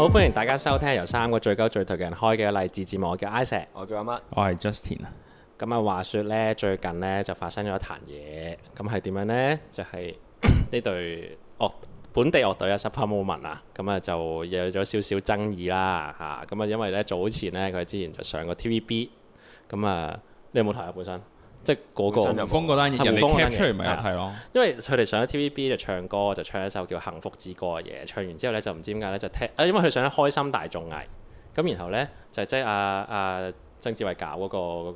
好歡迎大家收聽由三個最高最頹嘅人開嘅勵志節目，我叫 Isa, s 石，我叫阿乜，我係 Justin 啊。咁啊、嗯，話說咧，最近呢就發生咗一單嘢，咁係點樣呢？就係、是、呢 隊哦本地樂隊啊 Supper Moment 啊，咁啊就有咗少少爭議啦吓。咁啊、嗯，因為呢，早前呢，佢之前就上過 TVB，咁啊，你有冇睇啊本身？即係、那、嗰個紅方單嘢，出嚟咪有咯。因為佢哋上咗 T V B 就唱歌，就唱一首叫《幸福之歌》嘅嘢。唱完之後咧，就唔知點解咧就 take 啊，因為佢上咗開心大綜藝，咁然後咧就即係啊啊。啊曾志偉搞嗰個嗰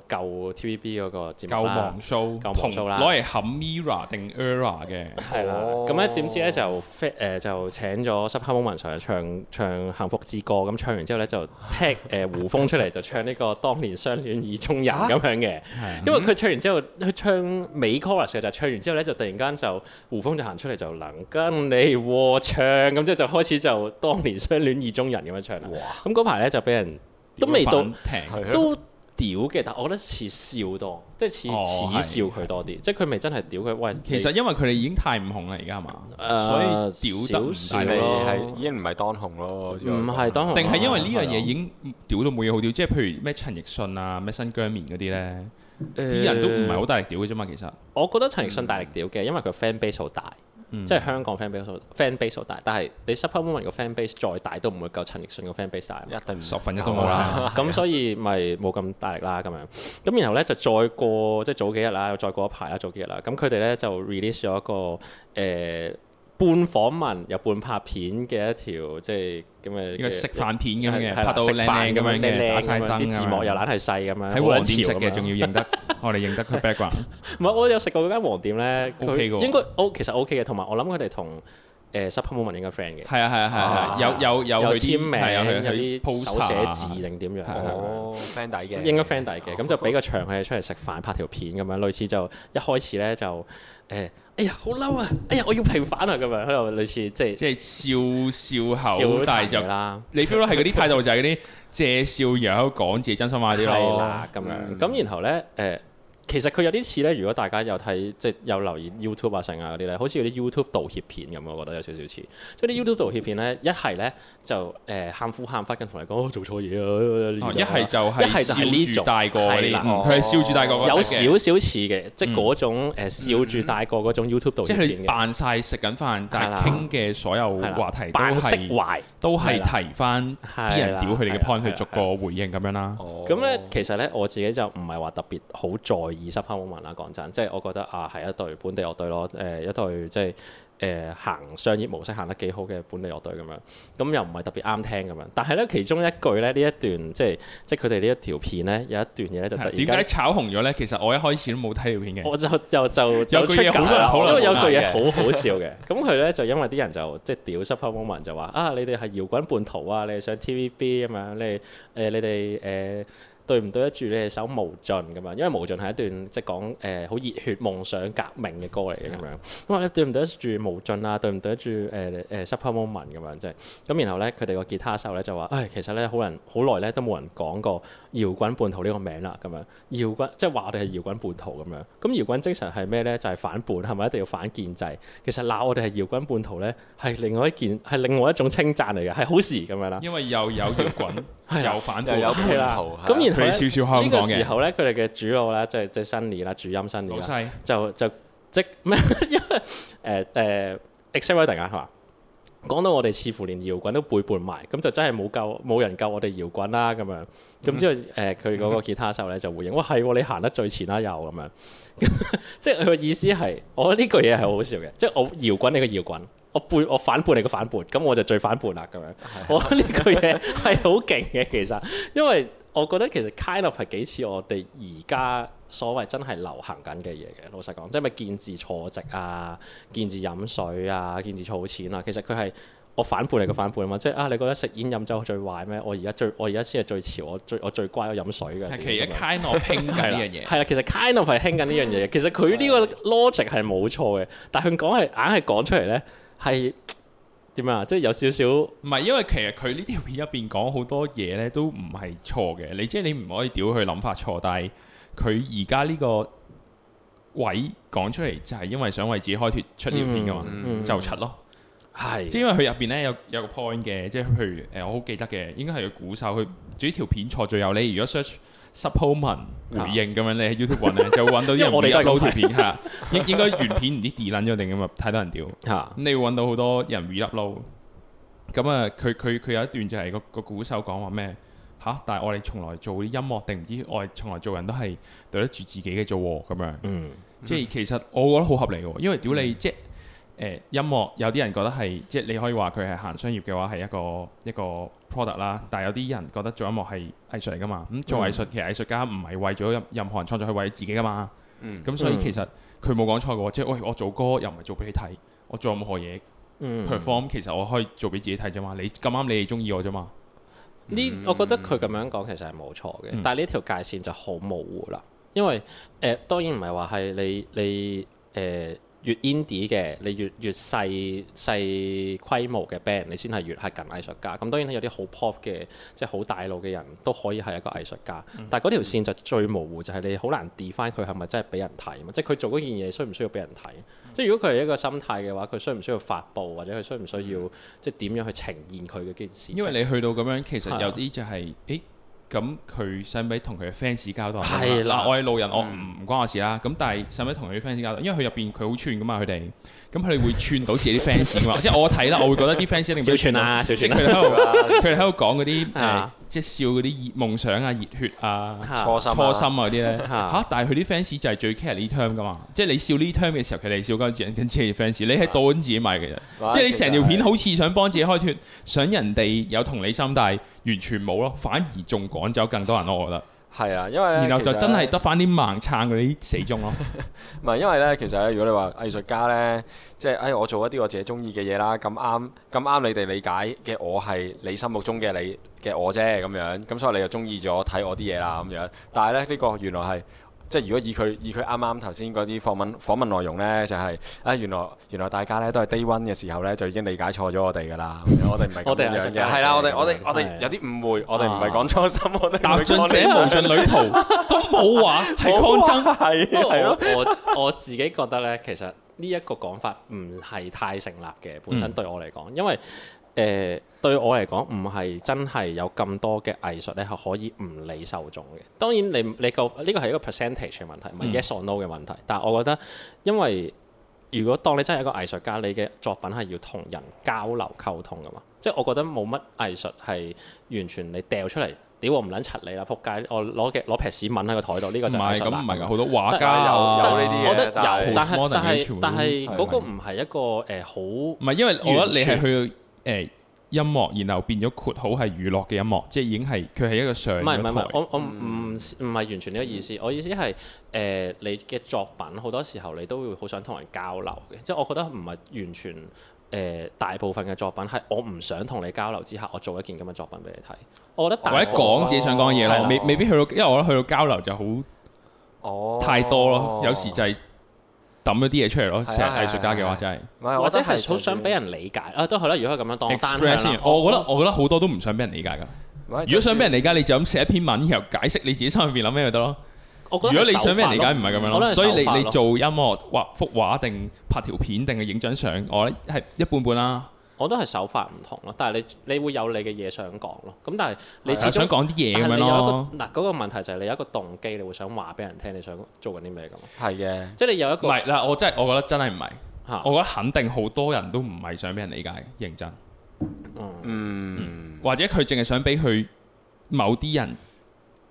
個舊 TVB 嗰個節目啦，舊網 show，舊網 show 啦，攞嚟冚 Mirror 定 Error 嘅，係啦。咁咧點知咧就誒就請咗 Supper Moment 唱唱《幸福之歌》。咁唱完之後咧就 take，誒胡楓出嚟就唱呢個《當年相戀意中人》咁樣嘅。因為佢唱完之後，佢唱 Michael 嘅就唱完之後咧就突然間就胡楓就行出嚟就能跟你和唱，咁即係就開始就《當年相戀意中人》咁樣唱啦。咁嗰排咧就俾人。都未到，平，都屌嘅，但我覺得似笑多，即係似恥笑佢多啲，即係佢未真係屌佢。喂，其實因為佢哋已經太唔紅啦，而家係嘛，所以屌得唔係，已經唔係當紅咯。唔係當紅，定係因為呢樣嘢已經屌到冇嘢好屌，即係譬如咩陳奕迅啊，咩新疆棉嗰啲咧，啲人都唔係好大力屌嘅啫嘛。其實，我覺得陳奕迅大力屌嘅，因為佢 fan base 好大。嗯、即係香港 fan base，fan base 好、嗯、base 大，但係你 Supper Moment 個 fan base 再大都唔會夠陳奕迅個 fan base 大，一定唔夠啦，十分一都冇啦。咁 所以咪冇咁大力啦咁樣。咁然後咧就再過即係早幾日啦，又再過一排啦，早幾日啦。咁佢哋咧就 release 咗一個誒，呃半訪問又半拍片嘅一條，即係咁啊！食飯片咁嘅，拍到靚靚咁樣嘅，打晒燈，啲字幕又懶係細咁樣，喺黃店食嘅仲要認得， 我哋認得佢 background。唔係，我有食過嗰間黃店咧， 應該 O 其實 OK 嘅，同埋我諗佢哋同。誒 Supper Moment 應該 friend 嘅，係啊係啊係係，有有有簽名有啲手寫字定點樣？哦，friend 底嘅，應該 friend 底嘅，咁就俾個場佢哋出嚟食飯拍條片咁樣，類似就一開始咧就誒，哎呀好嬲啊，哎呀我要平反啊咁樣喺度，類似即係即係笑笑口，但大就啦，你 feel 到係嗰啲態度就係嗰啲借笑樣講自己真心話啲啦，咁樣咁然後咧誒。其實佢有啲似咧，如果大家有睇即係有留言 YouTube 啊成啊嗰啲咧，好似嗰啲 YouTube 道歉片咁，我覺得有少少似。即係啲 YouTube 道歉片咧，一係咧就誒喊苦喊忽，跟同你講做錯嘢啊；一係就係呢種大個，佢係笑住大個。有少少似嘅，即係嗰種笑住大個嗰種 YouTube 道歉片。即係扮晒食緊飯，但係傾嘅所有話題都係釋懷，都係提翻啲人屌佢哋嘅 point 去逐個回應咁樣啦。咁咧其實咧我自己就唔係話特別好在意。濕扒 moment 啊，講真，即係我覺得啊，係一隊本地樂隊咯，誒、呃、一隊即係誒行商業模式行得幾好嘅本地樂隊咁樣，咁又唔係特別啱聽咁樣。但係咧其中一句咧呢一段即係即係佢哋呢一條片咧有一段嘢咧就突然點解炒紅咗咧？其實我一開始都冇睇條片嘅，我就就就，就，就有個嘢好有個嘢好好笑嘅。咁佢咧就因為啲人就即係屌濕扒 moment 就話啊，你哋係搖滾叛徒啊，你哋上 TVB 啊嘛，你誒、呃、你哋誒。呃呃呃呃呃呃呃呃對唔對得住你哋首無盡咁樣，因為無盡係一段即係講誒好熱血夢想革命嘅歌嚟嘅咁樣。咁話 你對唔對得住無盡啊？對唔對得住誒誒、呃、Supper Moment 咁樣即係咁。然後咧佢哋個吉他手咧就話：唉，其實咧好人好耐咧都冇人講過搖滾叛徒呢個名啦咁樣。搖滾即係話我哋係搖滾叛徒咁樣。咁搖滾精神係咩咧？就係、是、反叛係咪？是是一定要反建制。其實鬧我哋係搖滾叛徒咧，係另外一件係另外一種稱讚嚟嘅，係好事咁樣啦。 因為又有搖滾，係 啊，又，反 又有叛徒，咁少少香港嘅時候咧，佢哋嘅主腦咧，即係即係新年啦，主音新年闆，就就即咩？因為誒誒，exciting 啊，嘛、欸？講、欸、到我哋似乎連搖滾都背叛埋，咁就真係冇救，冇人救我哋搖滾啦，咁樣。咁之、嗯、後誒，佢、呃、嗰個吉他手咧就回應，嗯、哇，係你行得最前啦、啊，又咁樣，樣，樣。即係佢嘅意思係，我呢句嘢係好好笑嘅。即係我搖滾，你個搖滾，我背我反叛你個反叛，咁我就最反叛啦，咁樣。樣 我呢句嘢係好勁嘅，其實，因為。我覺得其實 kind of 係幾似我哋而家所謂真係流行緊嘅嘢嘅，老實講，即係咪見字坐直啊，見字飲水啊，見字儲錢啊，其實佢係我反叛嚟嘅反叛啊嘛，即係啊，你覺得食煙飲酒最壞咩？我而家最我而家先係最潮，我最我最乖，我飲水嘅 kind of。 其實 kind of 興緊呢樣嘢。係啊，其實 kind of 係興緊呢樣嘢，其實佢呢個 logic 係冇錯嘅，但係佢講係硬係講出嚟呢係。點啊！即係有少少唔係，因為其實佢呢條片入邊講好多嘢咧，都唔係錯嘅。即你即係你唔可以屌佢諗法錯，但係佢而家呢個位講出嚟就係因為想為自己開脫出呢條片嘅嘛，嗯嗯，就出咯。係的，即係因為佢入邊咧有有個 point 嘅，即係譬如誒，我好記得嘅，應該係佢鼓手，佢做呢條片錯，最後你，如果 search。supplement 回應咁樣，你喺 YouTube 揾咧， 就會揾到啲人 我。 我哋都係 upload 片嚇，應應該原片唔知 delete 咗定咁啊，太多人屌嚇，咁你會揾到好多人 re upload 咁啊，佢佢佢有一段就係個個鼓手講話咩嚇，但係我哋從來做啲音樂定唔知我哋從來做人都係對得住自己嘅啫喎，咁樣嗯，嗯即係其實我覺得好合理喎，因為屌你、嗯、即音樂有啲人覺得係，即係你可以話佢係行商業嘅話係一個一個 product 啦。但係有啲人覺得做音樂係藝術嚟㗎嘛。咁做藝術、嗯、其實藝術家唔係為咗任何人創作，去為自己㗎嘛。咁、嗯、所以其實佢冇講錯嘅、嗯、即係我我做歌又唔係做俾你睇，我做任何嘢、嗯、perform 其實我可以做俾自己睇啫嘛。你咁啱你哋中意我啫嘛。呢我覺得佢咁樣講其實係冇錯嘅，嗯、但係呢條界線就好模糊啦。因為誒、呃、當然唔係話係你你誒。你呃越 indie 嘅，你越越細細規模嘅 band，你先係越係近藝術家。咁當然有啲好 pop 嘅，即係好大腦嘅人都可以係一個藝術家。但係嗰條線就最模糊，就係、是、你好難 define 佢係咪真係俾人睇啊？即係佢做嗰件嘢需唔需要俾人睇？即係如果佢係一個心態嘅話，佢需唔需要發佈，或者佢需唔需要即係點樣去呈現佢嘅件事？因為你去到咁樣其實有啲就係、是、誒。的咁佢使唔使同佢嘅 fans 交代？係啦的、嗱，我係路人，嗯、我唔唔關我事啦。咁但係使唔使同佢啲 fans 交代？因為佢入邊佢好串㗎嘛，佢哋。咁佢哋會串到自己啲 fans 即係我睇啦，我會覺得啲 fans 一定唔少串啊！啊即係佢哋喺度，佢哋喺度講嗰啲，即係笑嗰啲夢想啊、熱血啊、初心、初心啊啲咧嚇。但係佢啲 fans 就係最 care 呢 term 㗎嘛。即係你笑呢 term 嘅時候，佢哋笑緊自己粉絲，跟住 fans，你喺度倒緊自己埋嘅啫。啊、即係你成條片實好似想幫自己開脫，想人哋有同理心，但係完全冇咯，反而仲趕走更多人咯，我覺得。係啊，因為然後就真係得翻啲盲撐嗰啲死忠咯。唔係，因為咧，其實咧，如果你話藝術家咧，即係誒，我做一啲我自己中意嘅嘢啦，咁啱咁啱你哋理解嘅，我係你心目中嘅你嘅我啫，咁樣，咁所以你就中意咗睇我啲嘢啦，咁樣。但係咧，呢個原來係。即係如果以佢以佢啱啱頭先嗰啲訪問訪問內容呢，就係啊，原來原來大家呢都係低 a 嘅時候呢，就已經理解錯咗我哋噶啦。我哋唔係咁樣嘅，啦，我哋我哋我哋有啲誤會，我哋唔係講初心，我哋踏進者無盡旅途都冇話係抗爭，係係咯。我我自己覺得呢，其實呢一個講法唔係太成立嘅，本身對我嚟講，因為。誒對我嚟講，唔係真係有咁多嘅藝術咧，係可以唔理受眾嘅。當然你你個呢個係一個 percentage 嘅問題，唔係 yes or no 嘅問題。但係我覺得，因為如果當你真係一個藝術家，你嘅作品係要同人交流溝通嘅嘛。即係我覺得冇乜藝術係完全你掉出嚟，屌我唔撚柒你啦！仆街！我攞嘅攞劈屎抆喺個台度，呢個就唔係咁唔係㗎。好多畫家，有呢啲嘢，我覺得有，但係但係但係嗰個唔係一個誒好唔係，因為我覺得你係去。音樂，然後變咗括號係娛樂嘅音樂，即係已經係佢係一個上唔係唔係唔係，我我唔唔係完全呢個意思。我意思係誒、呃、你嘅作品好多時候你都會好想同人交流嘅，即係我覺得唔係完全誒、呃、大部分嘅作品係我唔想同你交流之下，我做一件咁嘅作品俾你睇。我覺得大或者講自己想講嘅嘢咧，哦、未未必去到，因為我覺得去到交流就好哦太多咯，有時就係。抌咗啲嘢出嚟咯，成日藝術家嘅話真係，或者係好想俾人理解，啊都係啦，如果係咁樣當，但係我覺得我覺得好多都唔想俾人理解㗎。如果想俾人理解，你就咁寫一篇文，然後解釋你自己心入邊諗咩咪得咯。如果你想俾人理解，唔係咁樣咯，所以你你做音樂畫幅畫定拍條片定係影張相，我覺得係一半半啦。我都係手法唔同咯，但係你你會有你嘅嘢想講咯，咁但係你始終講啲嘢咁樣咯。嗱嗰個問題就係你有一個動機，你會想話俾人聽，你想做緊啲咩咁？係嘅的，即係你有一個唔係嗱，我真係我覺得真係唔係，的我覺得肯定好多人都唔係想俾人理解，認真。嗯，嗯或者佢淨係想俾佢某啲人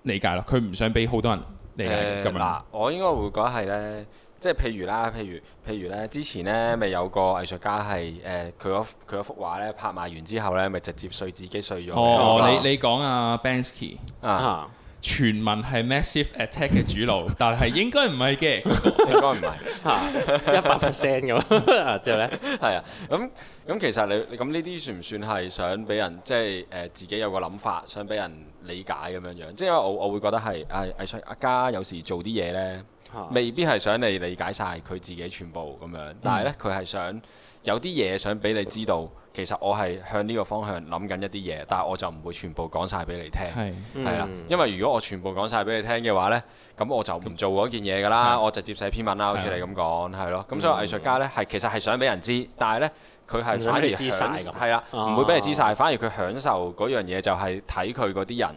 理解咯，佢唔想俾好多人。誒嗱、呃，我應該會講係咧，即係譬如啦，譬如譬如咧，如之前咧咪有個藝術家係誒，佢、呃、佢幅畫咧拍賣完之後咧，咪直接碎自己碎咗。哦，嗯、你你講啊 Banksy 啊，傳聞係 Massive Attack 嘅主腦， 但係應該唔係嘅， 應該唔係嚇，一百 percent 咁啊？之後咧，係啊，咁咁其實你你咁呢啲算唔算係想俾人即係誒自己有個諗法，想俾人？理解咁樣樣，即係我我會覺得係，誒、哎、藝術家有時做啲嘢呢，啊、未必係想你理解晒佢自己全部咁樣，但係呢，佢係、嗯、想有啲嘢想俾你知道，其實我係向呢個方向諗緊一啲嘢，但係我就唔會全部講晒俾你聽，係啦、嗯，因為如果我全部講晒俾你聽嘅話呢，咁我就唔做嗰件嘢㗎啦，嗯、我直接寫篇文啦，嗯、好似你咁講係咯，咁、嗯、所以藝術家呢，係其實係想俾人知，但係呢。佢係反而享，係啦，唔會俾你知晒。反而佢享受嗰樣嘢，就係睇佢嗰啲人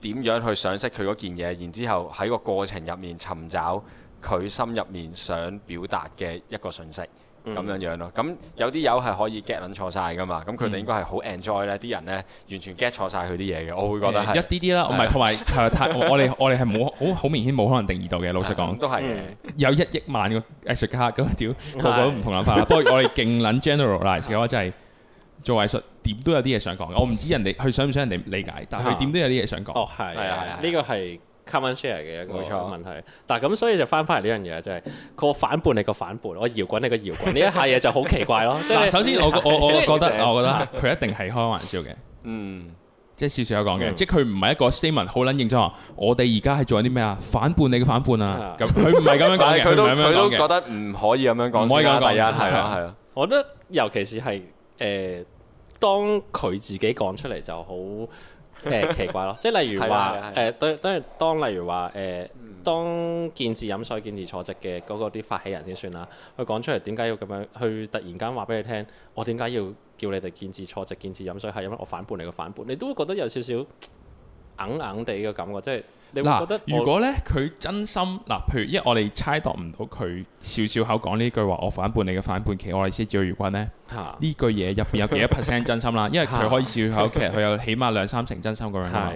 點樣去賞識佢嗰件嘢，然之後喺個過程入面尋找佢心入面想表達嘅一個信息。咁樣樣咯，咁有啲友係可以 get 撚錯晒㗎嘛，咁佢哋應該係好 enjoy 咧，啲人咧完全 get 錯晒佢啲嘢嘅，我會覺得係一啲啲啦，唔係，同埋太我哋我哋係冇好好明顯冇可能定義到嘅，老實講都係嘅，有一億萬個藝術家咁屌個個都唔同諗法，不過我哋勁撚 generalize 嘅話真係做藝術點都有啲嘢想講嘅，我唔知人哋佢想唔想人哋理解，但係佢點都有啲嘢想講，哦係係啊，呢個係。Come on share 嘅一個問題，但係咁所以就翻翻嚟呢樣嘢，就係佢個反叛你個反叛，我搖滾你個搖滾，呢一下嘢就好奇怪咯。嗱，首先我我我覺得我覺得佢一定係開玩笑嘅，嗯，即係少少有講嘅，即係佢唔係一個 statement 好撚認真話，我哋而家係做緊啲咩啊？反叛你嘅反叛啊！咁佢唔係咁樣講嘅，佢都佢都覺得唔可以咁樣講，唔可以講第一係咯係咯。我覺得尤其是係誒，當佢自己講出嚟就好。誒、 呃、奇怪咯，即係例如話誒，對等於當例如話誒、呃，當見字飲水、見字坐直嘅嗰個啲發起人先算啦。佢講出嚟點解要咁樣？佢突然間話俾你聽，我點解要叫你哋見字坐直、見字飲水？係因為我反叛你個反叛，你反叛你，你都會覺得有少少硬硬地嘅感覺，即係。嗱、啊，如果咧佢真心，嗱、啊，譬如，一我哋猜度唔到佢笑笑口講呢句話，我反叛你嘅反叛期，其實我哋先至搖滾呢呢、啊、句嘢入邊有幾多 percent 真心啦？啊、因為佢可以笑笑口，其實佢有起碼兩三成真心咁樣。係、啊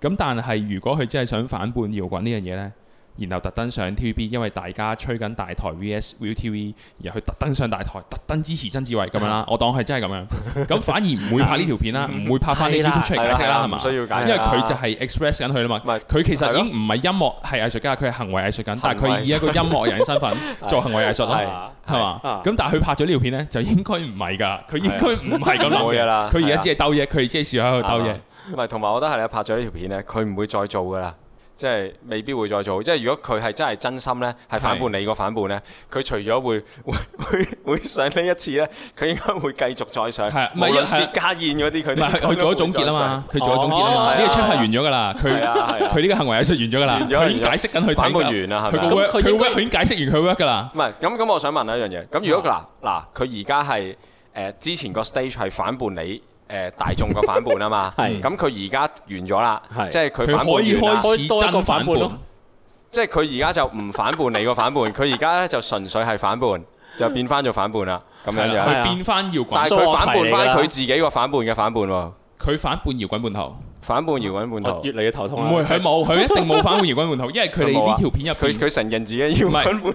是，咁但係如果佢真係想反叛搖滾呢樣嘢呢？然後特登上 TVB，因為大家吹緊大台 VS ViuTV，然後佢特登上大台，特登支持曾志偉咁樣啦。我當係真係咁樣，咁反而唔會拍呢條片啦，唔會拍翻呢 YouTube 出嚟解釋啦，係嘛？唔需要解釋，因為佢就係 express 緊佢啦嘛。佢其實已經唔係音樂係藝術家，佢係行為藝術家，但係佢以一個音樂人嘅身份做行為藝術啦，係嘛？咁但係佢拍咗呢條片咧，就應該唔係㗎，佢應該唔係咁諗。佢而家只係偷嘢，佢只係試喺度偷嘢。唔係，同埋我覺得係你拍咗呢條片咧，佢唔會再做㗎啦。即係未必會再做。即係如果佢係真係真心咧，係反叛你個反叛咧，佢除咗會會會會上呢一次咧，佢應該會繼續再上。係唔係薛家燕嗰啲佢？唔係佢做咗總結啊嘛，佢做咗總結啊嘛。呢個 check 係完咗噶啦，佢佢呢個行為係算完咗噶啦。佢已經解釋緊佢反叛完啦，係咪？佢 work 佢 work，佢已經解釋完佢 work 噶啦。唔係咁咁，我想問咧一樣嘢。咁如果嗱嗱，佢而家係誒之前個 stage 係反叛你。誒、呃、大眾個反叛啊嘛，咁佢而家完咗啦，是即係佢反叛完啦，開始真反叛咯，即係佢而家就唔反叛你個反叛，佢而家咧就純粹係反叛， 就變翻做反叛啦，咁 樣樣。佢變翻搖滾，但係佢反叛翻佢自己個反叛嘅反叛喎，佢反叛搖滾半球。反叛搖滾叛徒越嚟越頭痛啊！佢冇，佢一定冇反叛搖滾叛徒，因為佢哋呢條片入，佢佢承認自己搖滾叛徒，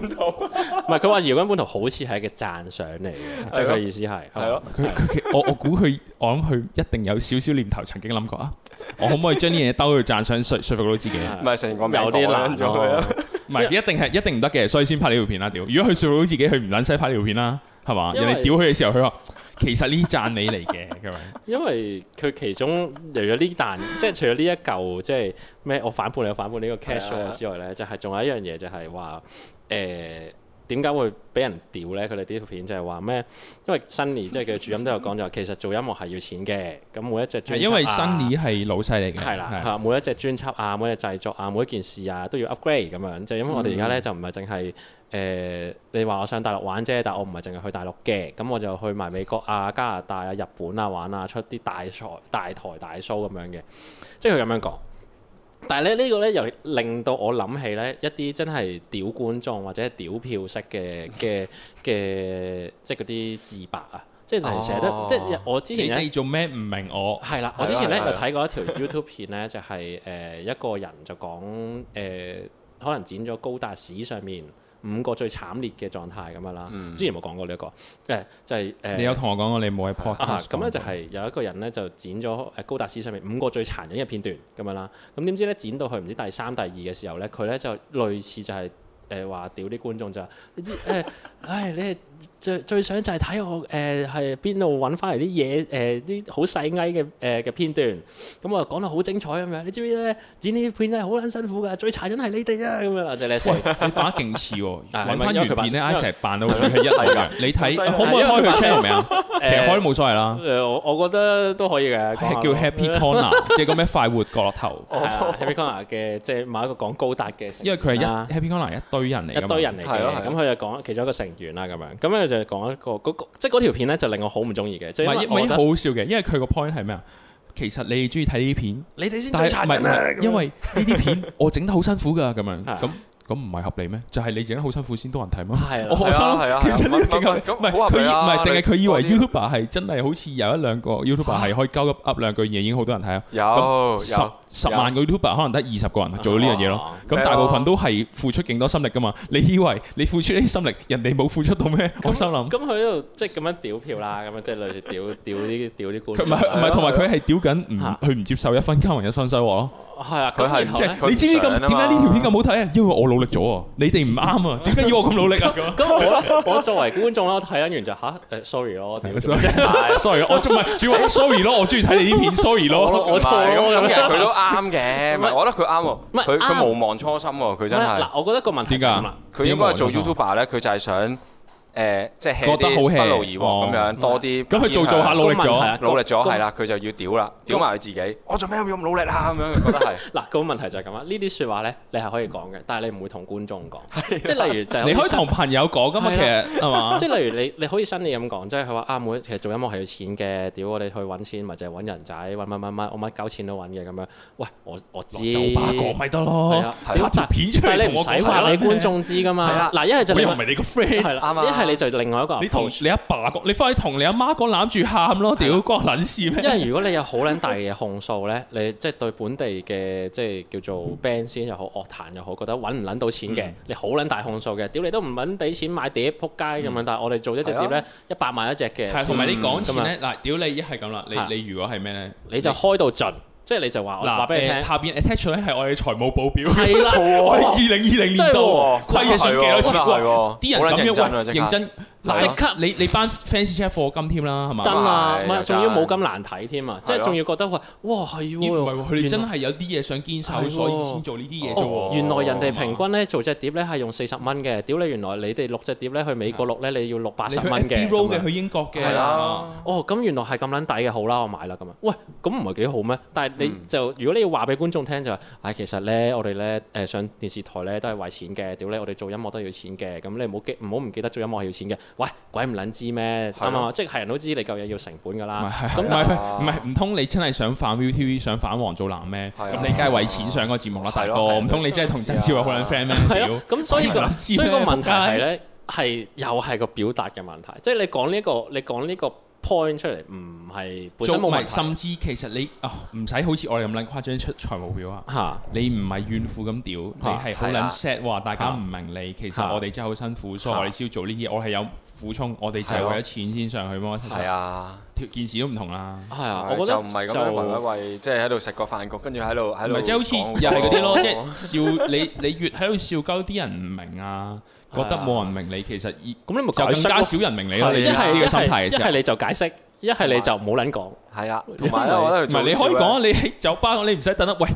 唔係佢話搖滾叛徒好似係一個讚賞嚟嘅，即係佢嘅意思係。係咯，佢我我估佢，我諗佢一定有少少念頭，曾經諗過啊！我可唔可以將啲嘢兜去讚賞，說服到自己？唔係成個名有啲難咗啦，唔係一定係一定唔得嘅，所以先拍呢條片啦。屌，如果佢說服到自己，佢唔撚使拍呢條片啦。係嘛？為人哋屌佢嘅時候，佢話其實呢讚你嚟嘅，係咪？因為佢其中嚟咗呢啖， 即係除咗呢一嚿，即係咩？我反叛，你反叛呢個 cash 對之外咧，就係、係、仲有一樣嘢，就係話誒。呃。點解會俾人屌呢？佢哋呢條片就係話咩？因為 Sunny 即係佢主音都有講咗，其實做音樂係要錢嘅。咁每一隻係因為 Sunny 係老細嚟嘅。係啦，每一隻專、啊、專輯啊，每一隻製作啊，每一件事啊，事啊都要 upgrade 咁樣。就因、是、為我哋而家呢，嗯、就唔係淨係誒，你話我上大陸玩啫，但係我唔係淨係去大陸嘅。咁我就去埋美國啊、加拿大啊、日本啊玩啊，出啲大，大台大 show 咁樣嘅。即係佢咁樣講。但係咧，呢個咧又令到我諗起咧一啲真係屌觀眾或者屌票式嘅嘅嘅，即係嗰啲自白啊，就係哦、即係成日都即係我之前咧，你做咩唔明我？係啦，我之前咧，就睇過一條 YouTube 片咧，就係、係、誒一個人就講誒、 呃，可能剪咗高達史上面。五個最慘烈嘅狀態咁樣啦，嗯、之前有冇講過呢、這、一個，誒、欸、就係、是、誒、欸。你有同我講過你冇喺 podcast 咁、啊、樣。咧就係有一個人咧就剪咗誒高達史上面五個最殘忍嘅片段咁樣啦。咁點、嗯、知咧剪到佢唔知第三第二嘅時候咧，佢咧就類似就係誒話屌啲觀眾就 你知誒唉、欸哎、你。最最想就係睇我誒係邊度揾翻嚟啲嘢誒啲好細埃嘅誒嘅片段，咁啊講得好精彩咁樣。你知唔知咧剪呢啲片咧好撚辛苦㗎，最殘忍係你哋啊咁樣啊！真係犀利。你扮得勁似喎，揾翻原片咧，一齊扮到好似一例㗎。你睇可唔可以開佢 channel 未啊？其實開都冇所謂啦。我我覺得都可以嘅。㗎。叫 Happy Corner，即係個咩快活角落頭。Happy Corner 嘅即係某一個講高達嘅。因為佢係一 Happy Corner 一堆人嚟。一堆人嚟嘅，咁佢就講其中一個成員啦咁樣。咁咧就講一個嗰個，即係嗰條片咧就令我好唔中意嘅。唔係，唔係好好笑嘅，因為佢個 point 係咩啊？其實你哋中意睇呢啲片，你哋先最殘忍啊！因為呢啲片我整得好辛苦噶，咁樣咁咁唔係合理咩？就係你整得好辛苦先多人睇嘛？係啊，其實，唔係佢唔係定係佢以為 YouTuber 係真係好似有一兩個 YouTuber 係可以交一噏兩句嘢，已經好多人睇啊？有十。十萬個 YouTuber 可能得二十個人做到呢樣嘢咯，咁大部分都係付出勁多心力㗎嘛。你以為你付出呢啲心力，人哋冇付出到咩？我心諗咁佢喺度即係咁樣屌票啦，咁樣即係類似屌屌啲屌啲觀。佢唔係唔係，同埋佢係屌緊，唔佢唔接受一分耕耘一分收穫咯。係啊，佢係即係你知唔知咁點解呢條片咁好睇啊？因為我努力咗啊，你哋唔啱啊，點解要我咁努力啊？咁我作為觀眾啦，睇緊完就嚇誒，sorry 咯，點解 sorry？sorry，我唔係主要 sorry 咯，我中意睇你啲片，sorry 咯，我錯咁其實佢都。啱嘅，我覺得佢啱喎，佢佢無忘初心喎，佢真係。嗱，我覺得個問題點解佢應該係做 YouTuber 咧？佢就係想。誒，即係覺得好不勞而獲咁樣，多啲咁佢做做下努力咗，努力咗係啦，佢就要屌啦，屌埋佢自己。我做咩要咁努力啊？咁樣覺得係。嗱，個問題就係咁啊。呢啲説話咧，你係可以講嘅，但係你唔會同觀眾講。係，即係例如就你可以同朋友講㗎嘛，其實係嘛？即係例如你你可以新年咁講，即係佢話阿妹，其實做音樂係要錢嘅。屌我哋去揾錢，咪就係人仔，揾乜乜乜，我揾交錢都揾嘅咁樣。喂，我我知講咪得咯。拍條片出嚟，你唔使話俾觀眾知㗎嘛。嗱，因為就你唔係你個 friend，係啦，一係。你就另外一個，你同你阿爸講，你快去同你阿媽講攬住喊咯，屌，關我撚事咩？因為如果你有好撚大嘅控訴咧，你即係對本地嘅即係叫做 band 先又好，樂壇又好，覺得揾唔撚到錢嘅，你好撚大大控訴嘅，屌你都唔撚俾錢買碟撲街咁樣，但係我哋做一隻碟咧，一百萬一隻嘅，同埋你講錢咧，嗱，屌你一係咁啦，你你如果係咩咧，你就開到盡。即係你就話嗱，話俾你聽，下邊 attach 出嚟係我哋財務報表，係啦，喺二零二零年度，虧、哦、損幾多錢嚟啲人咁樣認真,喂認真。認真即刻你你班 fans check 貨金添啦，係咪？真啊，唔係仲要冇咁難睇添啊！即係仲要覺得話哇係喎，唔係喎，佢哋真係有啲嘢想堅守，所以先做呢啲嘢啫。原來人哋平均咧做隻碟咧係用四十蚊嘅，屌你！原來你哋六隻碟咧去美國錄咧，你要六八十蚊嘅。B roll 嘅去英國嘅。係啦。哦，咁原來係咁撚抵嘅，好啦，我買啦咁啊。喂，咁唔係幾好咩？但係你就如果你要話俾觀眾聽就話，唉，其實咧我哋咧誒上電視台咧都係為錢嘅，屌你！我哋做音樂都要錢嘅，咁你唔好記唔好唔記得做音樂係要錢嘅。喂，鬼唔撚知咩？啱啊，即係人都知你嚿嘢要成本㗎啦。咁但係唔係唔通你真係想反 ViuTV 想反王祖藍咩？咁你梗係為錢上嗰個節目啦，大哥。唔通你真係同曾志偉好撚 friend 咩？咁所以個所以個問題係咧，係又係個表達嘅問題。即係你講呢個你講呢個 point 出嚟，唔係做唔係甚至其實你啊唔使好似我哋咁撚誇張出財務表啊。嚇！你唔係怨婦咁屌，你係好撚 sad 話大家唔明你，其實我哋真係好辛苦，所以我哋先要做呢啲。我係有。俯衝，我哋就係為咗錢先上去麼？係啊，條件事都唔同啦。係啊，我覺得就唔係咁樣圍一圍，即係喺度食個飯局，跟住喺度喺度。唔係即係好似又係嗰啲咯，即係笑你你越喺度笑鳩，啲人唔明啊，覺得冇人明你，其實而咁你咪就更加少人明你咯。你呢個心態一係你就解釋，一係你就冇撚講。係啦，同埋咧，我覺得唔係你可以講啊，你喺酒吧講你唔使等啊，喂，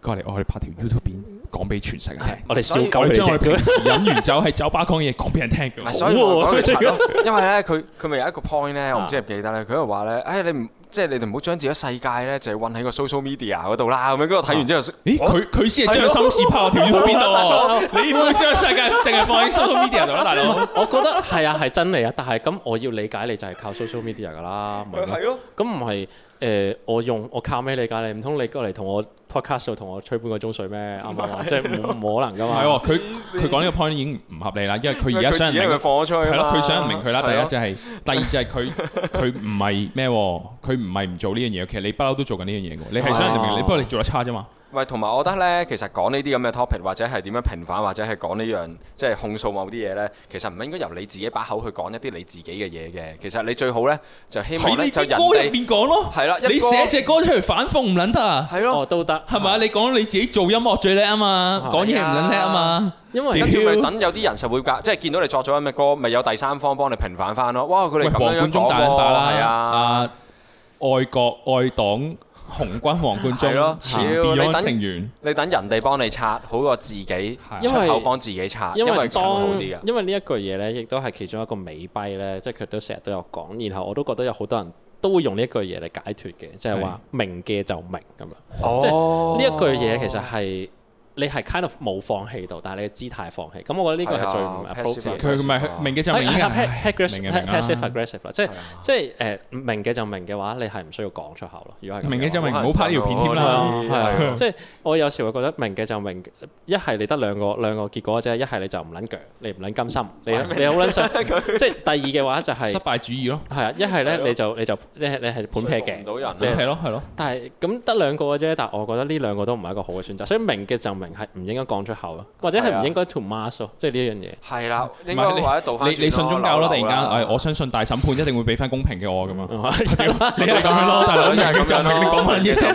過嚟我哋拍條 YouTube 片。講俾全世界聽，是是我哋小九你將佢平時飲完酒喺酒吧講嘢，講俾 人聽嘅。唔係， 所以我講嘅， 因為咧，佢佢咪有一個 point 咧，我唔知記唔、啊、記得咧，佢就話咧，哎，你唔。即係你哋唔好將自己世界咧，就係韞喺個 social media 嗰度啦，咁樣跟住睇完之後，咦？佢佢先係將心思拋條喺邊度？你將世界淨係放喺 social media 度啦，大佬。我覺得係啊，係真理啊！但係咁，我要理解你就係靠 social media 噶啦，唔係咯？咁唔係誒，我用我靠咩理解你？唔通你過嚟同我 podcast 度同我吹半個鐘水咩？啱唔啱？即係冇可能噶嘛？係佢佢講呢個 point 已經唔合理啦，因為佢而家想唔明佢放咗出去啦。佢想唔明佢啦，第一就係，第二就係佢佢唔係咩？佢。唔係唔做呢樣嘢，其實你不嬲都做緊呢樣嘢，你係想，不過你做得差啫嘛。喂，同埋我覺得咧，其實講呢啲咁嘅 topic 或者係點樣平反或者係講呢樣即係控訴某啲嘢咧，其實唔應該由你自己把口去講一啲你自己嘅嘢嘅。其實你最好咧就希望咧就隻歌入邊講咯，係啦，你寫隻歌出嚟反諷唔撚得啊？係咯，哦都得，係咪啊？你講你自己做音樂最叻啊嘛，講嘢唔撚叻啊嘛，因為跟住等有啲人就會隔，即係見到你作咗咩歌，咪有第三方幫你平反翻咯。哇！佢哋咁樣啊。愛國愛黨紅軍皇冠章咯，別安情願。你等人哋幫你拆，好過自己為出口幫自己拆，因為拆好啲嘅。因為呢一句嘢咧，亦都係其中一個美批咧，即係佢都成日都有講，然後我都覺得有好多人都會用呢的一句嘢嚟解脫嘅，即係話明嘅就明咁樣。即係呢一句嘢其實係。哦哦你係 kind of 冇放棄到，但係你嘅姿態放棄。咁我覺得呢個係最唔 appropriate。佢唔係明嘅就明啦。passive aggressive 啦，即係即係誒明嘅就明嘅話，你係唔需要講出口咯。如果係明嘅就明，唔好拍呢條片添啦。即係我有時會覺得明嘅就明，一係你得兩個兩個結果啫，一係你就唔撚腳，你唔撚甘心，你你好撚衰。即係第二嘅話就係失敗主義咯。係啊，一係咧你就你就你係你係捧啤鏡，你係咯係咯。但係咁得兩個嘅啫，但係我覺得呢兩個都唔係一個好嘅選擇。所以明嘅就明。係唔應該講出口咯，或者係唔應該 too much 咯，即係呢一樣嘢。係啦，應該留一留。唔係你你信宗教咯？突然間，我相信大審判一定會俾翻公平嘅我咁啊。咁樣大佬，你係咁樣咯。你講乜嘢啫？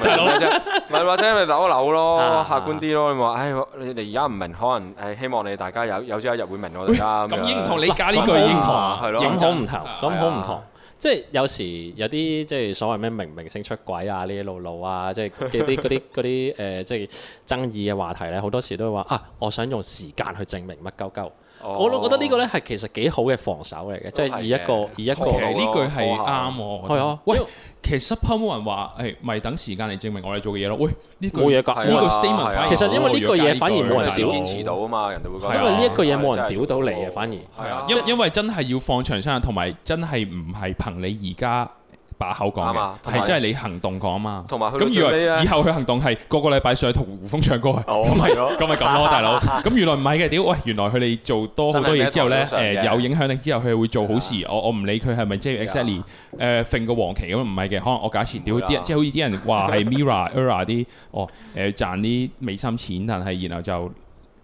唔係或者你扭一扭咯，客觀啲咯。你話，你哋而家唔明，可能希望你大家有有朝一日會明我哋而家。咁認同你家呢句認同，係咯，認好唔同，咁好唔同。即係有時有啲即係所謂咩明明星出軌啊，呢啲路路啊，即係嗰啲嗰啲嗰啲誒即係爭議嘅話題咧，好多時都會話啊，我想用時間去證明乜鳩鳩。我都覺得呢個咧係其實幾好嘅防守嚟嘅，即係以一個以一個呢句係啱，係啊喂，其實冇人話係，咪等時間嚟證明我哋做嘅嘢咯。喂，呢句冇嘢，呢句 statement 其實因為呢句嘢反而冇人堅持到啊嘛，人哋會覺得因為呢一句嘢冇人屌到你，啊，反而因因為真係要放長線，同埋真係唔係憑你而家。把口講嘅，係吧真係你行動講啊嘛。同埋咁如果以後佢行動係個個禮拜上去同胡楓唱歌啊。哦、oh, 是，咁咪咁咯，大佬。咁原來唔係嘅，屌喂，原來佢哋做多好多嘢之後咧，誒有、呃、有影響力之後，佢會做好事。的我我唔理佢係咪即係 exactly 誒揈個黃旗咁，唔係嘅，可能我假設屌啲，啊、即係好似啲人話係 Mirror Era 啲，哦誒、呃、賺啲美心錢，但係然後就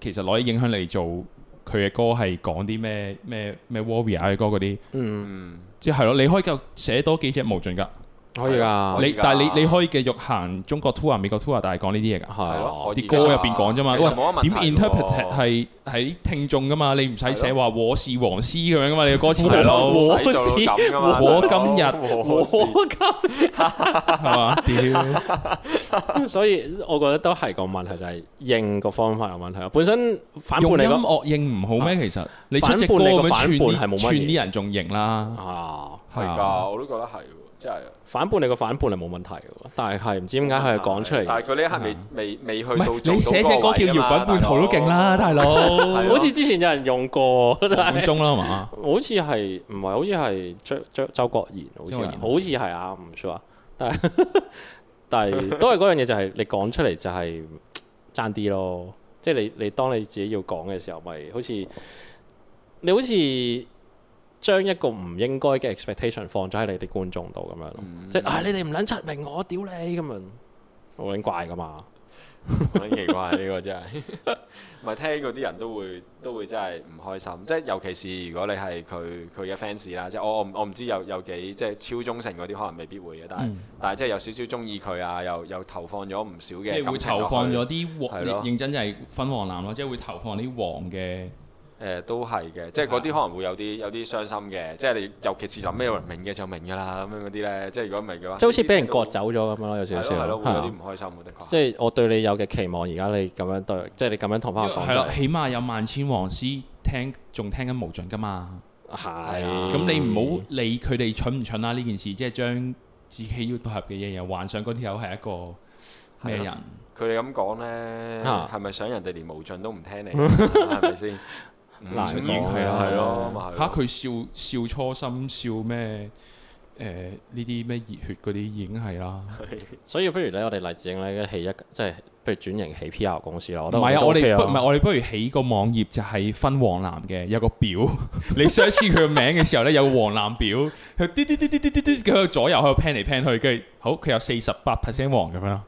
其實攞啲影響力做。佢嘅歌係講啲咩咩咩 warrior 嘅歌嗰啲，嗯，即係咯，你可以夠寫多幾隻無盡㗎。可以噶，你但係你你可以繼續行中國 tour 啊、美國 tour 啊，但係講呢啲嘢噶。係啲歌入邊講啫嘛。其實冇乜問題。點 interpret 係喺聽眾噶嘛？你唔使寫話我是黃絲咁樣噶嘛？你嘅歌詞係咯，我是我今日我今，係嘛？屌！所以，我覺得都係個問題就係應個方法有問題。本身反叛你咁用音樂應唔好咩？其實你出隻歌咁串啲人仲應啦。啊，係㗎，我都覺得係。即係反叛，你個反叛係冇問題嘅，但係係唔知點解佢係講出嚟。但係佢呢一刻未未未去到你寫隻歌叫《搖滾叛徒》都勁啦，大佬，好似之前有人用過。五中啦嘛？好似係唔係？好似係張張周國賢好似，好似係阿吳卓啊。但係但係都係嗰樣嘢，就係你講出嚟就係爭啲咯。即係你你當你自己要講嘅時候，咪好似你好似。將一個唔應該嘅 expectation 放咗喺你哋觀眾度咁樣，即係、嗯、啊、嗯、你哋唔撚出名我屌你咁樣好撚怪㗎嘛，好鬼奇怪呢 個真係，咪 聽嗰啲人都會都會真係唔開心，即係尤其是如果你係佢佢嘅 fans 啦，即係我我我唔知有有幾即係超忠誠嗰啲可能未必會嘅，但係、嗯、但係即係有少少鍾意佢啊，又又投放咗唔少嘅，即係會投放咗啲黃，認真就係粉黃藍咯，即係會投放啲黃嘅。誒都係嘅，即係嗰啲可能會有啲有啲傷心嘅，即係你尤其是諗咩人明嘅就明㗎啦，咁樣嗰啲咧，即係如果唔係嘅話，即係好似俾人割走咗咁樣咯，有少少係咯，有啲唔開心嘅的確。即係我對你有嘅期望，而家你咁樣對，即係你咁樣同翻我講。係起碼有萬千黃絲聽，仲聽緊無盡㗎嘛。係。咁你唔好理佢哋蠢唔蠢啦！呢件事即係將自己要配合嘅嘢又幻想嗰條友係一個咩人。佢哋咁講咧，係咪想人哋連無盡都唔聽你？係咪先？難影係啦，係咯吓佢笑笑初心笑咩？誒、呃，呢啲咩熱血嗰啲已經係啦。 所以不如咧，我哋勵正影咧起一即係，不如轉型起 P. R. 公司咯。唔係啊，我哋不唔係我哋不如起個網頁就係分黃藍嘅，有個表。 你想知佢個名嘅時候咧，有黃藍表，佢滴滴滴滴滴滴滴，佢喺度左右喺度 pan 嚟 pan 去。跟住好，佢有四十八 percent 黃咁樣。哦、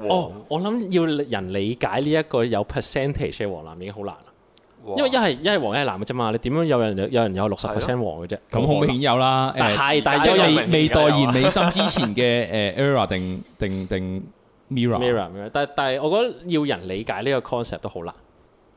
嗯，oh, 我諗要人理解呢一個有 percentage 嘅黃藍已經好難、啊。因為一係一係黃一係藍嘅啫嘛，你點樣有人有人有六十 percent 黃嘅啫？咁好明顯有啦，呃、有但係但係未代言美心之前嘅誒 Era 定定定 Mirror，但係但係我覺得要人理解呢個 concept 都好難，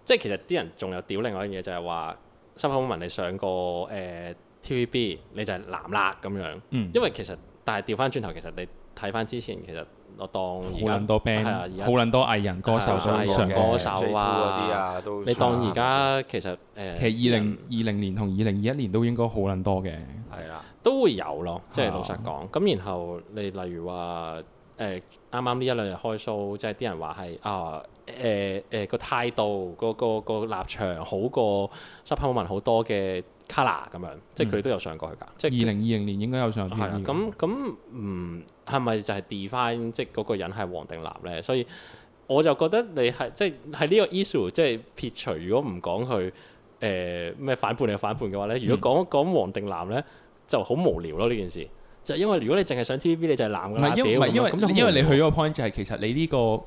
即係其實啲人仲有屌另外一樣嘢就係話，深海文你上過誒 TVB 你就係藍啦咁樣，嗯、因為其實但係調翻轉頭，其實你睇翻之前其實。我當好撚多 band，好撚多藝人、歌手上過嘅，你當而家其實誒，呃、其實二零二零年同二零二一年都應該好撚多嘅，係啦、啊，都會有咯，啊、即係老實講。咁然後你例如話誒，啱啱呢一兩日開 show，即係啲人話係啊。誒誒個態度，個個個立場好過 supplement 好多嘅 color 咁樣，即係佢都有上過去㗎。即係二零二零年應該有上過去㗎。係啊，咁咁嗯，係咪就係 define 即係嗰個人係黃定藍咧？所以我就覺得你係即係喺呢個 issue，即係撇除如果唔講佢誒咩反叛定反叛嘅話咧，如果講講黃定藍咧就好無聊咯呢件事。就因為如果你淨係上 TVB，你就係藍嘅。唔係唔係，因為因為你去咗個 point 就係其實你呢個。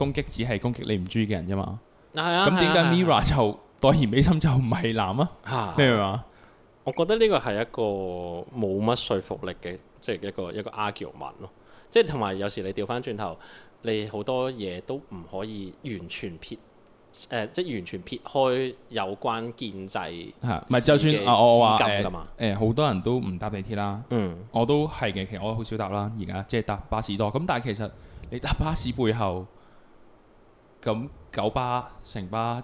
攻擊只係攻擊你唔中意嘅人啫嘛。咁點解 Mirror 就、啊、代言美心就唔係藍啊？咩話、啊？我覺得呢個係一個冇乜說服力嘅，即、就、係、是、一個一個 argument 咯。即係同埋有時你調翻轉頭，你好多嘢都唔可以完全撇，誒、呃，即、就、係、是、完全撇開有關建制。嚇、啊！唔係就算啊，我我話誒，好、呃呃呃、多人都唔搭地鐵啦。嗯，我都係嘅，其實我好少搭啦，而家即係搭巴士多。咁但係其實你搭巴士背後。咁九巴、城巴，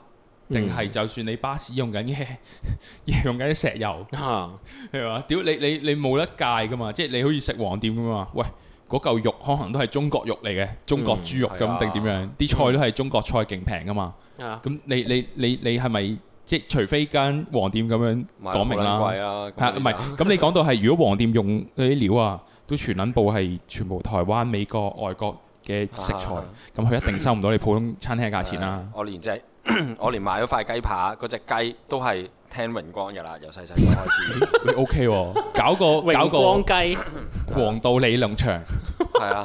定係就算你巴士用緊嘅嘢，用緊啲石油嚇，係嘛？屌，你你你冇得戒噶嘛，即係你好似食黃店噶嘛。喂，嗰嚿肉可能都係中國肉嚟嘅，中國豬肉，咁定點樣？啲菜都係中國菜，勁平噶嘛。咁你你你你係咪即係除非間黃店咁樣講明啦嚇？唔係，咁你講到係如果黃店用嗰啲料啊，都全撚部係全部台灣、美國、外國，嘅食材，咁佢一定收唔到你普通餐廳嘅價錢啦。我連隻，我連買咗塊雞扒，嗰隻雞都係聽榮光嘅啦，由細細個開始。你 OK 喎？搞個榮光雞，黃道益農場，係啊，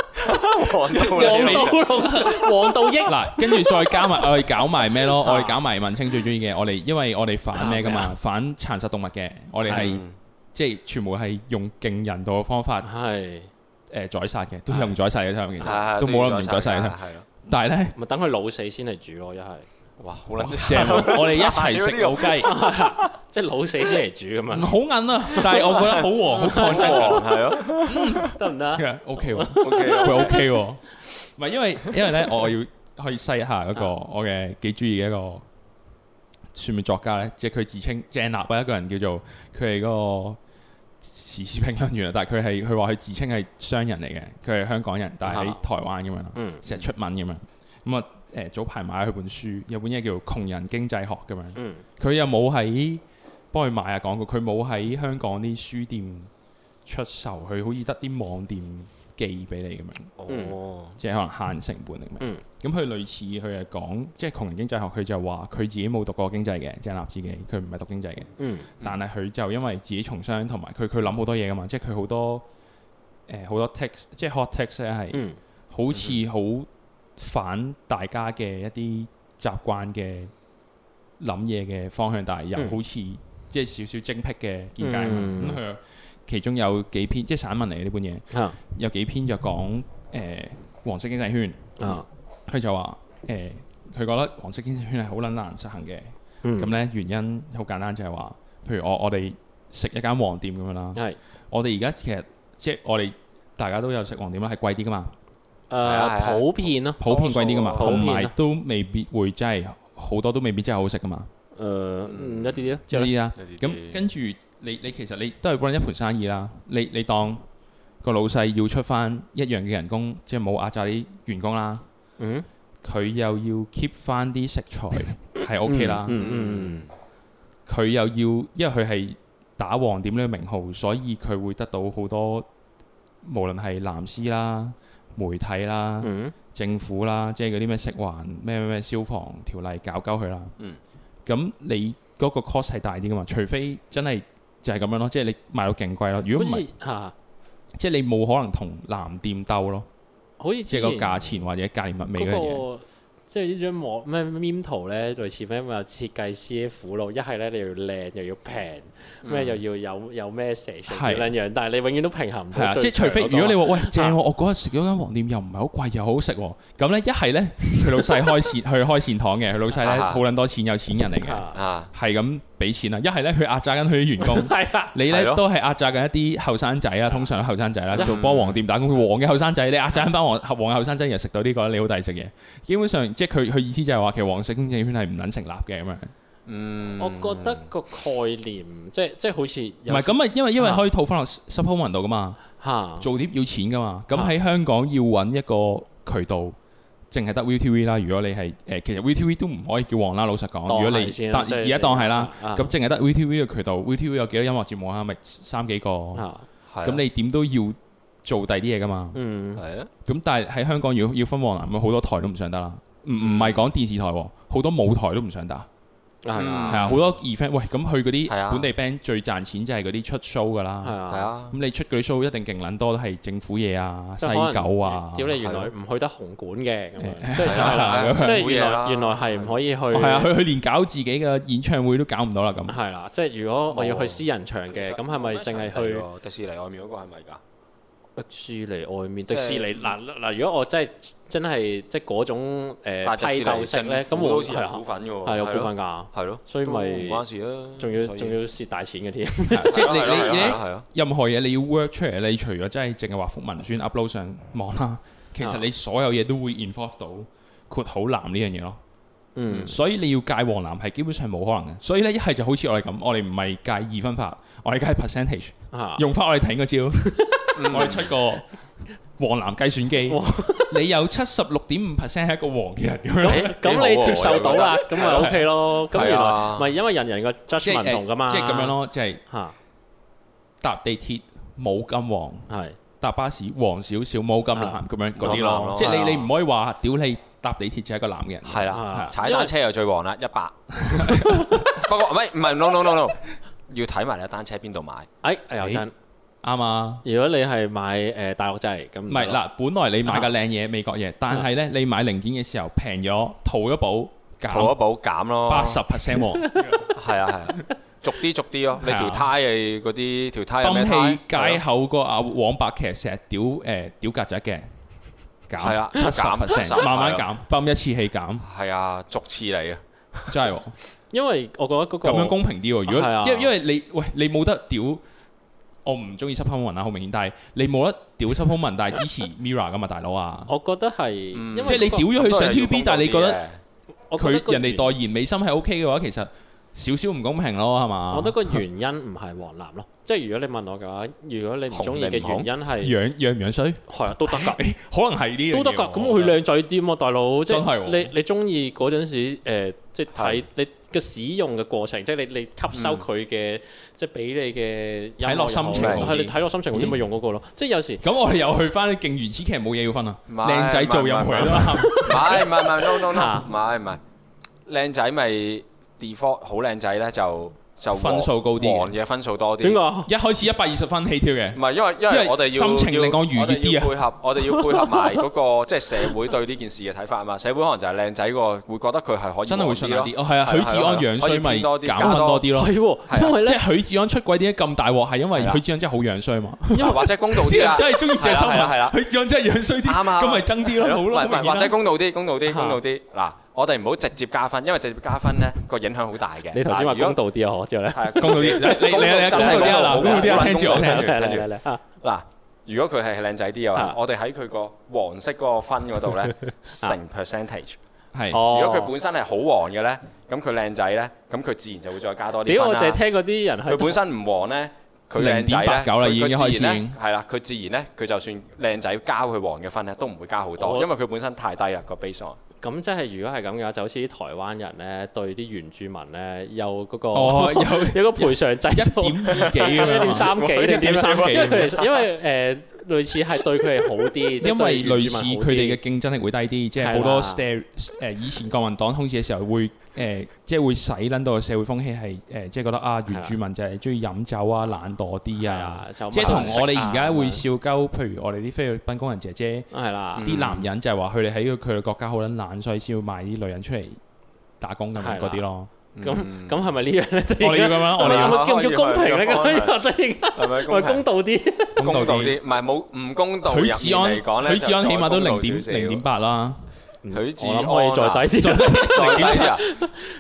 黃道益農場，黃道益嗱，跟住再加埋，我哋搞埋咩囉？我哋搞埋文青最鍾意嘅，我哋因為我哋反咩㗎嘛？反殘殺動物嘅，我哋係即係全部係用勁人道嘅方法。係。誒宰殺嘅，都唔宰殺嘅，聽唔見？都冇人唔宰殺嘅，係咯。但係咧，咪等佢老死先嚟煮咯，一係。哇！好撚正，我哋一齊食老雞，即係老死先嚟煮咁樣！好銀啊，但係我覺得好黃，好礦質黃，係咯。得唔得？嘅 OK 喎，OK 佢 OK 喎。唔係因為因為咧，我要去篩一下嗰個我嘅幾鍾意嘅一個算命作家咧，即係佢自稱鄭立嘅一個人叫做佢哋嗰個。時事評論員啊，但係佢係佢話佢自稱係商人嚟嘅，佢係香港人，但係喺台灣咁樣，成日、嗯、出文咁樣。咁啊誒早排買咗佢本書，有本嘢叫做《窮人經濟學》咁樣、嗯。佢又冇喺幫佢買啊，講過佢冇喺香港啲書店出售，佢好似得啲網店。寄俾你咁樣，哦，即係可能限成本定咁佢類似佢係講，即係窮人經濟學。佢就話佢自己冇讀過經濟嘅，即係立自己。佢唔係讀經濟嘅。嗯嗯、但係佢就因為自己從商同埋佢佢諗好多嘢㗎嘛，即係佢好多誒好、呃、多 text，即係 hot text 咧係、嗯、好似好反大家嘅一啲習慣嘅諗嘢嘅方向，但係又好似、嗯嗯、即係少少精闢嘅見解。嗯。嗯嗯其中有幾篇即係散文嚟嘅呢本嘢，有幾篇就講誒黃色經濟圈，佢就話誒，佢覺得黃色經濟圈係好撚難實行嘅。咁咧原因好簡單，就係話，譬如我我哋食一間黃店咁樣啦，我哋而家其實即係我哋大家都有食黃店啦，係貴啲噶嘛，誒普遍咯，普遍貴啲噶嘛，同埋都未必會即係好多都未必真係好食噶嘛，誒嗯一啲啲啦，咁跟住。你你其實你都係玩一盤生意啦，你你當個老細要出翻一樣嘅人工，即係冇壓榨啲員工啦。嗯、mm，佢、hmm. 又要 keep 翻啲食材係 OK 啦。Mm hmm. 嗯佢又要因為佢係打黃店呢個名號，所以佢會得到好多無論係藍絲啦、媒體啦、mm hmm. 政府啦，即係嗰啲咩食環、咩咩消防條例搞鳩佢啦。嗯、mm，咁、hmm. 你嗰個 cost 係大啲噶嘛？除非真係。就係咁樣咯，即係你賣到勁貴咯。如果唔係即係你冇可能同藍店鬥咯。好似之前個價錢或者價廉物美嘅嘢。即係呢張網咩 M 圖咧，類似咩？因為設計師苦惱，一係咧你要靚又要平，咩又要有有 message？兩樣，但係你永遠都平衡唔到。係啊，即係除非如果你話喂正我嗰日食嗰間黃店又唔係好貴，又好食喎。咁咧一係咧，佢老細開善去開善堂嘅，佢老細咧好撚多錢，有錢人嚟嘅，係咁。俾錢啊！一係咧，佢壓榨緊佢啲員工。係 啊，你咧呢對咯 都係壓榨緊一啲後生仔啦，通常後生仔啦，對做幫黃店打工，黃嘅後生仔，黃對你壓榨緊班黃後黃後生仔，然後食到呢、呢個，你好大食嘢。基本上，即係佢佢意思就係話，其實黃色經濟圈係唔撚成立嘅咁樣。嗯，我覺得個概念即係即係好似唔係咁啊，因為因為可以套翻落 supplement 度噶嘛，嚇做碟要錢噶嘛，咁喺香港要揾一個渠道。淨係得 ViuTV 啦，如果你係誒，其實 ViuTV 都唔可以叫黃啦，老實講。如果你，但而家當係啦，咁淨係得 ViuT、啊、V 嘅渠道 ViuTV 有幾多音樂節目啊？咪三幾個，咁、啊啊、你點都要做第啲嘢㗎嘛？咁、嗯啊、但係喺香港如果要分黃藍，咁好、嗯、多台都唔上得啦。唔唔係講電視台、啊，好多舞台都唔上得。啊，啊，係啊，好多二 b a n 喂，咁去嗰啲本地 band 最賺錢，就係嗰啲出 show 噶啦，係啊，咁你出嗰啲 show 一定勁撚多都係政府嘢啊、西九啊，屌你原來唔去得紅館嘅？咁樣即係原來原來係唔可以去，係啊，佢佢連搞自己嘅演唱會都搞唔到啦，咁係啦，即係如果我要去私人場嘅，咁係咪淨係去迪士尼外面嗰個係咪㗎？讀書嚟外面讀書嚟嗱嗱，如果我真係真係即係嗰種誒批鬥式咧，咁黃係啊，係有股份噶，係咯，所以咪唔關事啊。仲要仲要蝕大錢嘅添，即係你你任何嘢你要 work 出嚟，你除咗真係淨係話覆文宣 upload 上網啦，其實你所有嘢都會 involve 到括好藍呢樣嘢咯。嗯，所以你要戒黃藍係基本上冇可能嘅。所以咧一係就好似我哋咁，我哋唔係戒二分法，我哋戒係 percentage，用法我哋睇個招。我係出個黃藍計算機，你有七十六點五 percent 係一個黃嘅人咁樣，咁你接受到啦，咁咪 OK 咯。咁原來咪因為人人個質素唔同噶嘛。即係咁樣咯，即係搭地鐵冇咁黃，係搭巴士黃少少，冇咁藍咁樣嗰啲咯。即係你你唔可以話屌你搭地鐵就係一個藍嘅人，係啦，踩單車又最黃啦，一百。不過唔係唔係，no no no no，要睇埋你單車邊度買。哎，阿友真。啱啊！如果你係買誒大陸製咁，唔係嗱，本來你買個靚嘢美國嘢，但係咧你買零件嘅時候平咗，淘一寶，淘一寶減咯，八十 percent 喎，係啊係啊，逐啲逐啲咯，你條胎係啲條胎有咩胎？泵氣解口個阿黃白騎石屌誒屌曱甴嘅減係啊，七十 percent 慢慢減，泵一次氣減，係啊，逐次嚟啊，真係，因為我覺得嗰咁樣公平啲喎，如果因因為你喂你冇得屌。我唔中意七空文啦，好明顯。但係你冇得屌七空文，但係支持 MIRROR 噶嘛，大佬啊！我覺得係，即係你屌咗佢上 TV，但係你覺得佢人哋代言美心係 OK 嘅話，其實少少唔公平咯，係嘛？我覺得個原因唔係黃藍咯，即係如果你問我嘅話，如果你唔中意嘅原因係樣樣唔樣衰，係啊都得㗎，可能係呢個都得㗎，咁佢靚仔啲嘛大佬？真係喎！你你中意嗰陣時即係睇你。個使用嘅過程，即係你你吸收佢嘅，即係俾你嘅睇落心情，係你睇落心情，咁樣咪用嗰個咯。即係有時咁，我哋又去翻啲勁原始劇，冇嘢要分啊！靚仔做任何嘢啦，唔係唔係唔係，no no 嗱唔係唔係，靚仔咪 default 好靚仔咧就。就分數高啲，黃嘅分數多啲。點啊？一開始一百二十分起跳嘅。唔係，因為因為我哋要要配合，我哋要配合埋嗰個即係社會對呢件事嘅睇法啊嘛。社會可能就係靚仔個會覺得佢係可以真係會信啲。哦，係啊，許志安樣衰，咪減多啲咯。係喎，即係咧，許志安出軌點解咁大鑊，係因為許志安真係好樣衰嘛。因為或者公道啲啊，啲人真係中意借新聞係啦，係許志安真係樣衰啲咁咪爭啲咯，好咯。或者公道啲，公道啲，公道啲嗱。我哋唔好直接加分，因為直接加分呢個影響好大嘅。你頭先話公道啲啊，可之後呢？係公道啲。你你你你你你你你你聽住我聽住，聽住。嗱，如果佢係靚仔啲嘅話，我哋喺佢個黃色嗰個分嗰度呢，成 percentage 係。如果佢本身係好黃嘅呢，咁佢靚仔呢，咁佢自然就會再加多啲分啦。屌，我淨係聽嗰啲人，佢本身唔黃呢，佢靚仔呢，佢自然呢係啦，佢自然呢，佢就算靚仔加佢黃嘅分呢，都唔會加好多，因為佢本身太低啦個 base。咁即係如果係咁嘅話，就好似台灣人咧對啲原住民咧有嗰、嗰個哦有， 有個賠償制一點二幾，一點三幾定點三幾，因為誒 類似係對佢哋好啲， 好因為類似佢哋嘅競爭力會低啲，吧即係好多 are,、呃。誒以前國民黨統治嘅時候會誒、呃，即係會洗撚到個社會風氣係誒、呃，即係覺得啊，原住民就係鍾意飲酒啊，懶惰啲啊，吧即係同我哋而家會笑鳩，吧譬如我哋啲菲律賓工人姐姐，啲吧男人就係話佢哋喺佢哋國家好撚懶，所以先會賣啲女人出嚟打工咁嗰啲咯。吧咁咁係咪呢樣咧？我哋咁樣，我哋咁叫叫公平咧？咁真係咪公道啲？公道啲，唔係冇唔公道。許志安嚟講咧，許志安起碼都零點零點八啦。許志安可以再低啲，再低啲啊！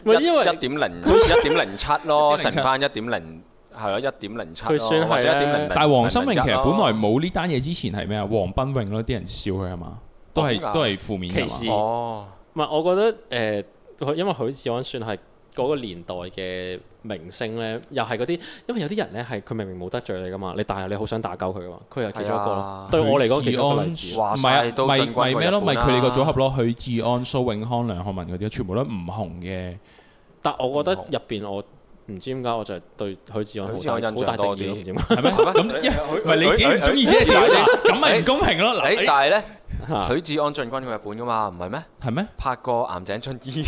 咪因為一點零，一點零七咯，神翻一點零，係咯，一點零七咯。佢算係啦，但係黃心穎其實本來冇呢單嘢之前係咩啊？黃心穎咯，啲人笑佢係嘛，都係都係負面歧視。哦，唔係，我覺得誒，因為許志安算係。嗰個年代嘅明星咧，又係嗰啲，因為有啲人咧係佢明明冇得罪你噶嘛，你但係你好想打鳩佢噶嘛，佢又其中一個。對我嚟講，其中一個例子，唔係啊，唔係咩咯，咪佢哋個組合咯，許志安、蘇永康、梁漢文嗰啲，全部都唔紅嘅。但我覺得入邊我唔知點解，我就對許志安好印象多啲。點解？唔係你只係中意只係點咁咪唔公平咯？但係咧，許志安進軍過日本噶嘛，唔係咩？係咩？拍過《岩井俊二》。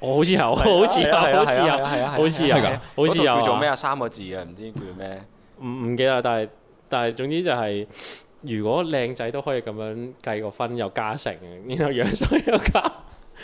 我好似有， 好似有，對對對對好似有，係啊，好似啊，好似有。嗰度叫做咩啊？三個字嘅，唔知叫咩？唔唔記得，但係但係，總之就係、是，如果靚仔都可以咁樣計個分，有加成，然後樣衰又加，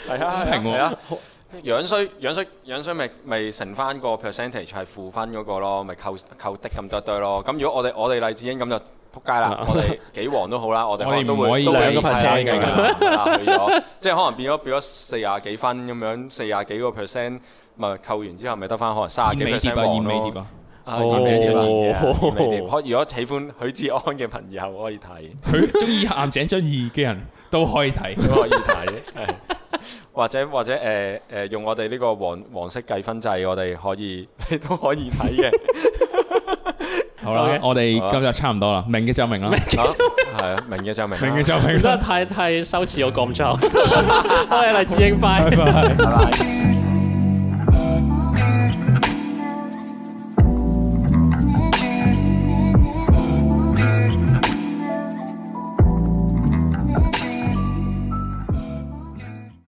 係對、嗯嗯、啊，平衡啊。 樣衰樣衰樣衰咪咪成翻個 percentage 係負分嗰個咯，咪扣扣的咁多堆咯。咁如果我哋我哋黎智英咁就仆街啦。我哋幾黃都好啦，我哋我都會 我可都會批嘅。 去咗即係可能變咗變咗四廿幾分咁樣，四廿幾個 percent 咪扣完之後咪得翻可能卅幾 percent 咯。演美碟啊，演美碟啊。哦哦哦。演美碟、啊，可、哦啊啊、如果喜歡許志安嘅朋友可以睇。佢中意岩井俊二嘅人都可以睇。 可以睇 。 或者或者誒誒、呃呃，用我哋呢個黃黃色計分制，我哋可以你都可以睇嘅。好啦，okay，我哋今集差唔多啦，啊，明嘅就明啦，係啊，明嘅就明，明嘅就明，覺得太太羞恥，我講錯，我哋嚟自英拜拜。